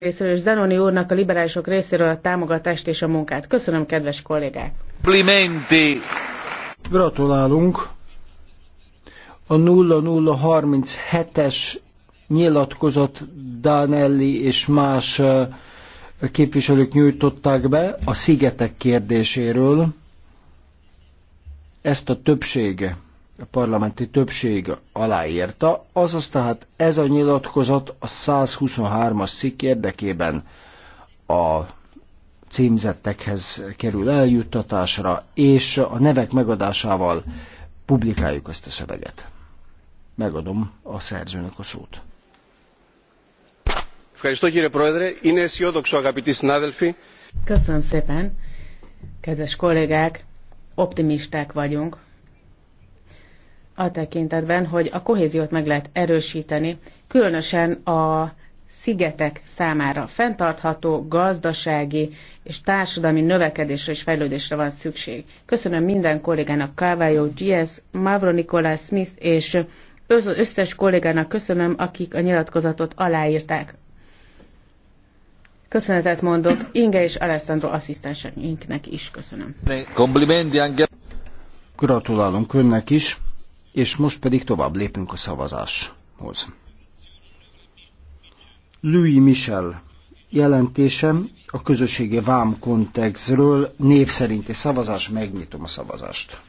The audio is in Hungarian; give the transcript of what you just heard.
részéről és Zanoni úrnak a liberálisok részéről a támogatást és a munkát. Köszönöm, kedves kollégák! Plimenti! Gratulálunk! A 0037-es nyilatkozat Danelli és más képviselők nyújtották be a szigetek kérdéséről. Ezt a többsége a parlamenti többség aláírta, azaz tehát ez a nyilatkozat a 123-as szik érdekében a címzettekhez kerül eljuttatásra, és a nevek megadásával publikáljuk ezt a szöveget. Megadom a szerzőnek a szót. Köszönöm szépen, kedves kollégák! Optimisták vagyunk, a tekintetben, hogy a kohéziót meg lehet erősíteni, különösen a szigetek számára fenntartható gazdasági és társadalmi növekedésre és fejlődésre van szükség. Köszönöm minden kollégának, Kávályó, GS, Mavro Nikolás Smith és összes kollégának köszönöm, akik a nyilatkozatot aláírták. Köszönetet mondok Inge és Alessandro asszisztenseinknek is köszönöm. Komplimenti Gratulálunk önnek is és most pedig tovább lépünk a szavazáshoz. Louis Michel jelentése a közösségi vám kontextről név szerinti szavazás, megnyitom a szavazást.